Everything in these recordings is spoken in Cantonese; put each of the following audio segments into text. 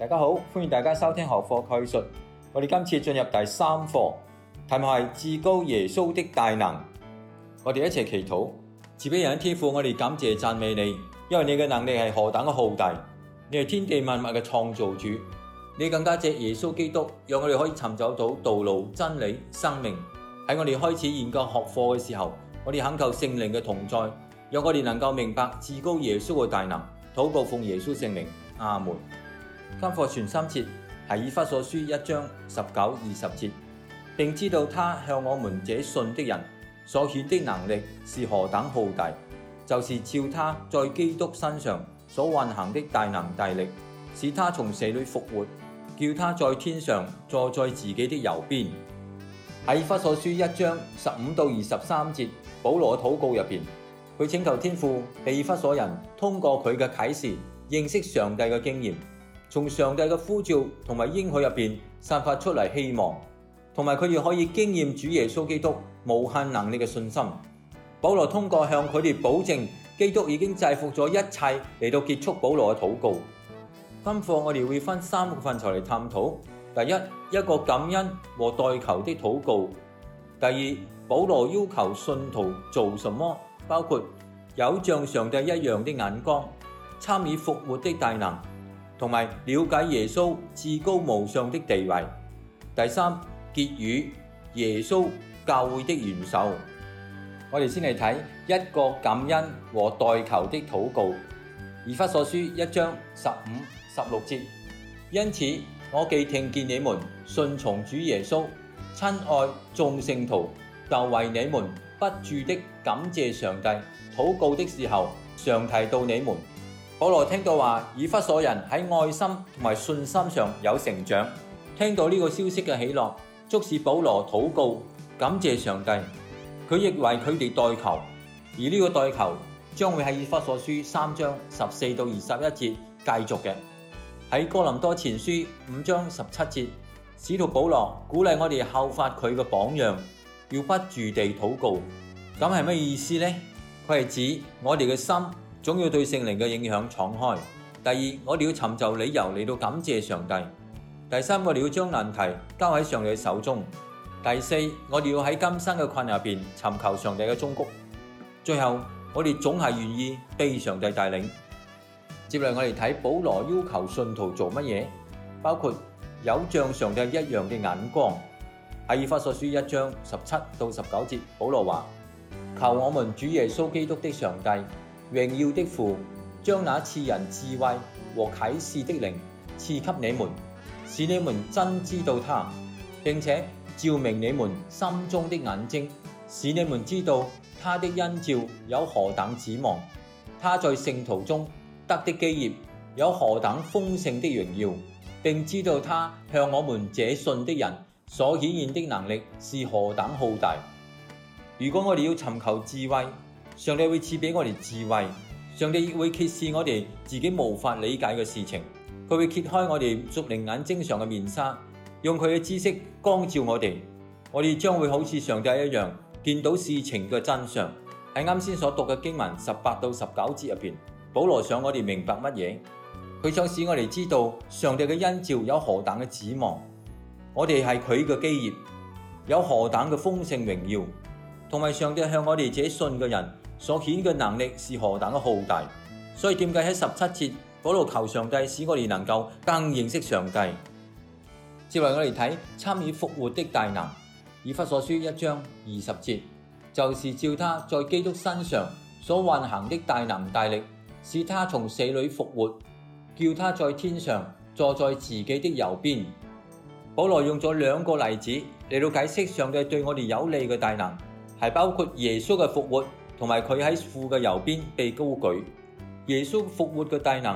大家好，歡迎大家收聽學課概述。我哋今次進入第三課，題目係至高耶穌的大能。我哋一齊祈禱，慈悲人的天父，我哋感謝讚美你，因為你嘅能力係何等嘅浩大。你係天地萬物嘅創造主，你更加借耶穌基督，讓我哋可以尋找到道路、真理、生命。喺我哋開始研究學課嘅時候，我哋懇求聖靈嘅同在，讓我哋能夠明白至高耶穌嘅大能。禱告奉耶穌聖靈，阿門。今課存心節係以弗所書一章十九二十節，並知道他向我們這信的人所顯的能力是何等浩大，就是照他在基督身上所運行的大能大力，使他從死裏復活，叫他在天上坐在自己的右邊。喺以弗所書一章十五到二十三節，保羅禱告入邊，佢請求天父俾以弗所人通過佢嘅啟示認識上帝嘅經驗。從上帝嘅呼召同埋應許入邊散發出嚟希望，同埋佢哋可以經驗主耶穌基督無限能力嘅信心。保羅通過向佢哋保證，基督已經制服咗一切，嚟到結束保羅嘅禱告。今課我哋會分三個範疇嚟探討：第一，一個感恩和代求的禱告；第二，保羅要求信徒做什麼，包括有像上帝一樣的眼光，參與復活的大能。同埋了解耶穌至高無上的地位。第三，結語耶穌教會的元首。我哋先嚟睇一個感恩和代求的禱告，《以弗所書》一章十五、十六節。因此，我既聽見你們信從主耶穌、親愛眾聖徒，就為你們不住的感謝上帝，禱告的時候，常提到你們。保羅聽到話以弗所人喺愛心同埋信心上有成長，聽到呢個消息嘅喜樂，促使保羅禱告感謝上帝，佢亦為佢哋代求，而呢個代求將會喺以弗所書三章十四到二十一節繼續嘅。喺哥林多前書五章十七節，使徒保羅鼓勵我哋效法佢嘅榜樣，要不住地禱告。咁係咩意思呢？佢係指我哋嘅心。總要對聖靈嘅影響敞開。第二，我哋要尋找理由嚟到感謝上帝。第三，我哋要將難題交喺上帝的手中。第四，我哋要喺今生嘅困厄入面尋求上帝嘅忠告。最後，我哋總係願意被上帝帶領。接嚟，我哋睇保羅要求信徒做乜嘢，包括有像上帝一樣嘅眼光。阿爾法所書一章十七到十九節，保羅話：求我們主耶穌基督的上帝。榮耀的父將那賜人智慧和啟示的靈賜給你們，使你們真知道他，並且照明你們心中的眼睛，使你們知道他的恩召有何等指望，他在聖徒中得的基業有何等豐盛的榮耀，並知道他向我們這信的人所顯現的能力是何等浩大。如果我哋要尋求智慧，上帝會賜畀我哋智慧，上帝亦會揭示我哋自己無法理解嘅事情。佢會揭開我哋屬靈眼睛上嘅面紗，用佢嘅知識光照我哋。我哋將會好似上帝一樣見到事情嘅真相。喺啱先所讀嘅經文十八到十九節入面，保羅想我哋明白乜嘢？佢想使我哋知道上帝嘅恩召有何等嘅指望。我哋係佢嘅基業，有何等嘅豐盛榮耀，同埋上帝向我哋這信嘅人。所顯嘅能力是何等嘅浩大，所以點解喺十七節嗰度保羅求上帝，使我哋能夠更認識上帝。接落嚟我哋嚟睇參與復活的大能，以弗所書一章二十節，就是照他在基督身上所運行的大能大力，使他從死裏復活，叫他在天上坐在自己的右邊。保羅用咗兩個例子嚟到解釋上帝對我哋有利嘅大能，係包括耶穌嘅復活。同埋佢喺父嘅右邊被高舉，耶穌復活嘅大能，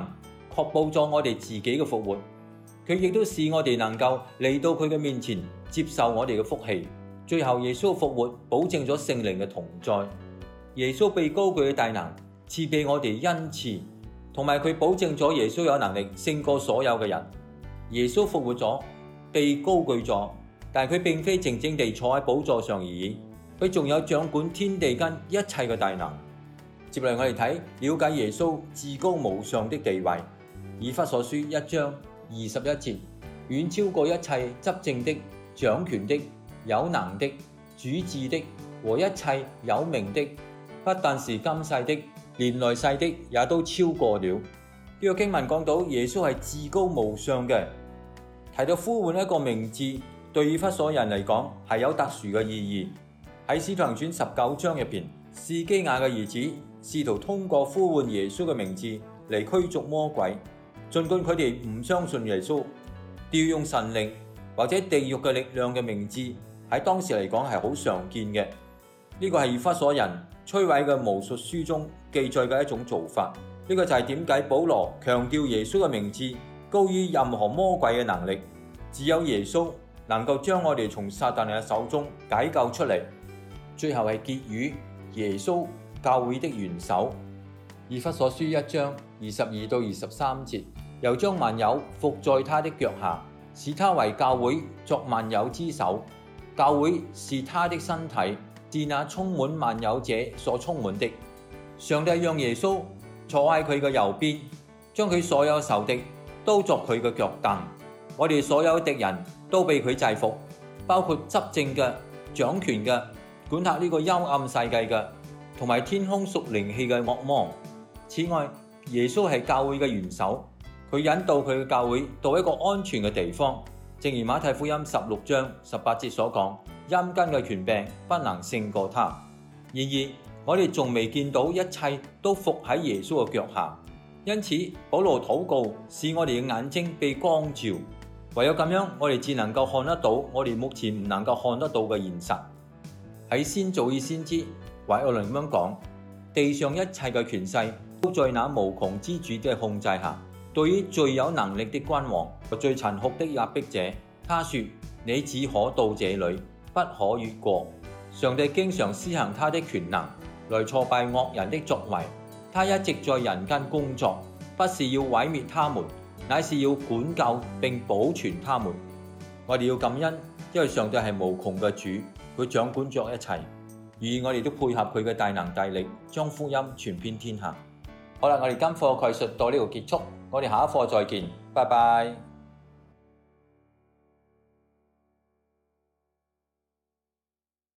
確保咗我哋自己嘅復活。佢亦都使我哋能夠嚟到佢嘅面前接受我哋嘅福氣。最後耶穌復活，保證咗聖靈嘅同在。耶穌被高舉嘅大能賜俾我哋恩賜，同埋佢保證咗耶穌有能力勝過所有嘅人。耶穌復活咗，被高舉咗，但佢並非靜靜地坐喺寶座上而已。佢仲有掌管天地間一切嘅大能。接嚟我哋睇，了解耶穌至高無上的地位。以弗所書一章二十一節，遠超過一切執政的、掌權的、有能的、主治的和一切有名的，不但是今世的，連來世的也都超過了。呢個經文講到耶穌係至高無上嘅。提到呼喚一個名字，對以弗所人嚟講係有特殊嘅意義。喺《使徒行傳》十九章入邊，士基亞嘅兒子試圖通過呼喚耶穌嘅名字嚟驅逐魔鬼。儘管佢哋唔相信耶穌，調用神靈或者地獄嘅力量嘅名字喺當時嚟講係好常見嘅。呢個係以弗所人摧毀嘅巫術書中記載嘅一種做法。呢個就係點解保羅強調耶穌嘅名字高於任何魔鬼嘅能力，只有耶穌能夠將我哋從撒旦嘅手中解救出嚟。最後係結語耶穌教會的元首，以弗所書一章二十二到二十三節，又將萬有伏在他的腳下，使他為教會作萬有之首。教會是他的身體，是那充滿萬有者所充滿的。上帝讓耶穌坐喺佢嘅右邊，將佢所有仇敵都作佢嘅腳凳。我哋所有敵人都被佢制服，包括執政嘅、掌權嘅。管轄呢個幽暗世界嘅，同埋天空屬靈氣嘅惡魔。此外，耶穌係教會嘅元首，佢引導佢嘅教會到一個安全嘅地方。正如馬太福音十六章十八節所講，陰間嘅權柄不能勝過他。然而，我哋仲未見到一切都伏喺耶穌嘅腳下。因此，保羅禱告，使我哋嘅眼睛被光照，唯有噉樣，我哋至能夠看得到我哋目前唔能夠看得到嘅現實。喺先祖與先知，懷愛倫咁樣講：地上一切嘅權勢都在那無窮之主嘅控制下。對於最有能力的君王和最殘酷的壓迫者，他說：你只可到這裏，不可越過。上帝經常施行他的權能，來挫敗惡人的作為。他一直在人間工作，不是要毀滅他們，乃是要管教並保存他們。我哋要感恩，因為上帝係無窮嘅主。佢掌管著一切，而我哋都配合佢嘅大能大力，將福音傳遍天下。好啦，我哋今課概述到呢度結束，我哋下一課再見，拜拜。